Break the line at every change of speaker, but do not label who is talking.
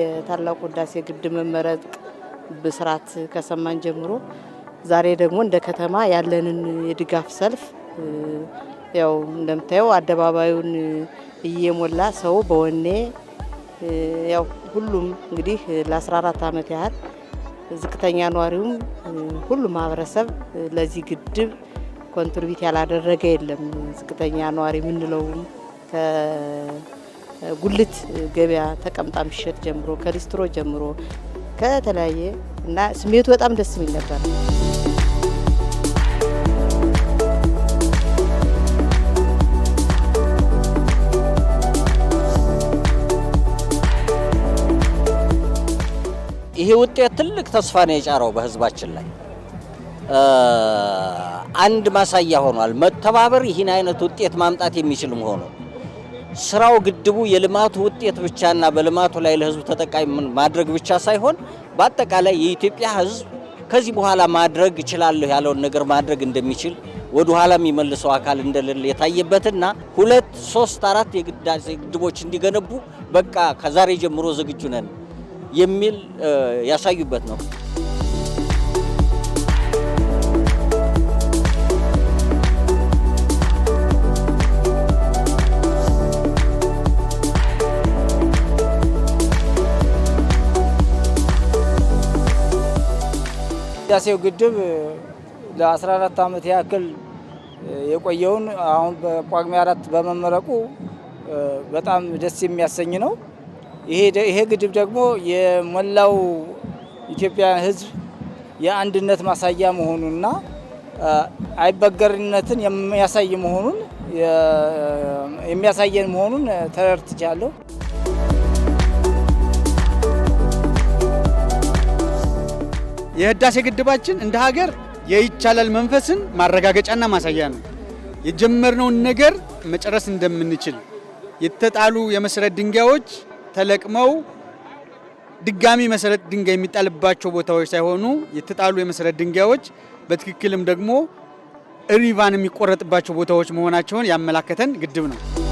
የታላቁ ህዳሴ ግድብ መመረቅ ብስራት ከሰማን ጀምሮ ዛሬ ደግሞ እንደ ከተማ ያለንን የድጋፍ ሰልፍ ያው እንደምታየው አደባባዩን እየሞላ ሰው በወኔ ያው ሁሉም እንግዲህ ለ14 ዓመት ያህል ዝቅተኛ ኗሪውም ሁሉ ማህበረሰብ ለዚህ ግድብ ኮንትሪቢዩት ያላደረገ የለም። ዝቅተኛ ነዋሪ የምንለውም ጉልት ገበያ ተቀምጣ ምሸት ጀምሮ ከሊስትሮ ጀምሮ ከተለያየ እና ስሜቱ በጣም ደስ የሚል ነበር።
ይሄ ውጤት ትልቅ ተስፋ ነው የጫረው በህዝባችን ላይ አንድ ማሳያ ሆኗል። መተባበር ይህን አይነት ውጤት ማምጣት የሚችል መሆኑ ስራው ግድቡ የልማቱ ውጤት ብቻና በልማቱ ላይ ለህዝብ ተጠቃሚ ማድረግ ብቻ ሳይሆን በአጠቃላይ የኢትዮጵያ ህዝብ ከዚህ በኋላ ማድረግ እችላለሁ ያለውን ነገር ማድረግ እንደሚችል ወደ ኋላ የሚመልሰው አካል እንደሌለ የታየበትና ሁለት ሶስት አራት የግዳሴ ግድቦች እንዲገነቡ በቃ ከዛሬ ጀምሮ ዝግጁ ነን የሚል ያሳዩበት ነው።
የህዳሴው ግድብ ለ14 ዓመት ያክል የቆየውን አሁን በጳጉሜ አራት በመመረቁ በጣም ደስ የሚያሰኝ ነው። ይሄ ግድብ ደግሞ የመላው ኢትዮጵያ ህዝብ የአንድነት ማሳያ መሆኑንና አይበገርነትን የሚያሳይ መሆኑን የሚያሳየን መሆኑን ተረድቻለሁ።
የህዳሴ ግድባችን እንደ ሀገር የይቻላል መንፈስን ማረጋገጫና ማሳያ ነው። የጀመርነውን ነገር መጨረስ እንደምንችል የተጣሉ የመሰረት ድንጋዮች ተለቅመው ድጋሚ መሰረት ድንጋይ የሚጣልባቸው ቦታዎች ሳይሆኑ የተጣሉ የመሰረት ድንጋዮች በትክክልም ደግሞ ሪቫን የሚቆረጥባቸው ቦታዎች መሆናቸውን ያመላከተን ግድብ ነው።